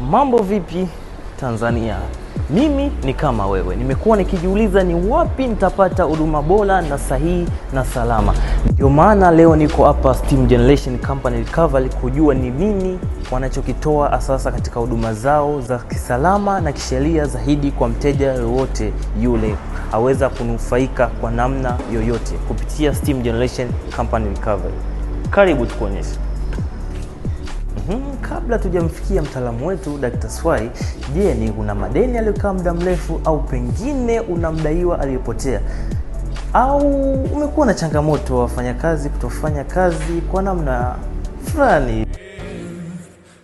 Mambo vipi Tanzania? Mimi ni kama wewe, nimekuwa nikijiuliza ni wapi nitapata huduma bora na sahihi na salama. Ndio maana leo niko hapa Steam Generation Company Recovery kujua ni nini wanachokitoa asasa katika huduma zao za kisalama na kisheria zaidi kwa mteja yoyote yule aweza kunufaika kwa namna yoyote kupitia Steam Generation Company Recovery. Karibu tukuonyeshe kabla tujamfikia mtaalamu wetu Dr. Swai, je, ni una madeni aliyokaa muda mrefu au pengine una mdaiwa aliyepotea au umekuwa na changamoto wafanyakazi kutofanya kazi kwa namna fulani?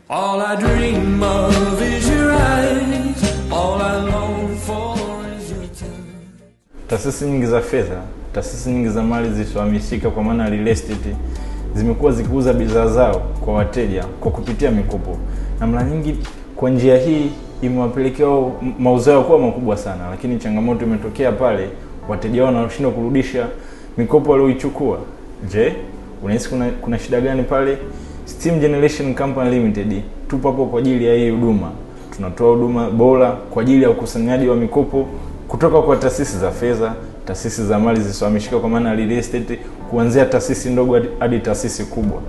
All I dream of is your eyes. All I long for is your touch. Taasisi nyingi za fedha, taasisi nyingi za mali zisiohamishika kwa maana real estate zimekuwa zikiuza bidhaa zao kwa wateja kwa kupitia mikopo, na mara nyingi kwa njia hii imewapelekea mauzo yao kuwa makubwa sana, lakini changamoto imetokea pale wateja wao wanashindwa kurudisha mikopo walioichukua. Je, unahisi kuna, kuna shida gani pale? Steam Generation Company Limited tupo hapo kwa ajili ya hii huduma. Tunatoa huduma bora kwa ajili ya ukusanyaji wa mikopo kutoka kwa taasisi za fedha, taasisi za mali zisizohamishika kwa maana real estate, kuanzia taasisi ndogo hadi taasisi kubwa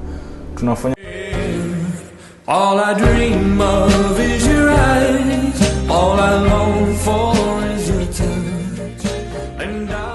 tunafanya All I dream of is your eyes. All I long for is your touch. And I...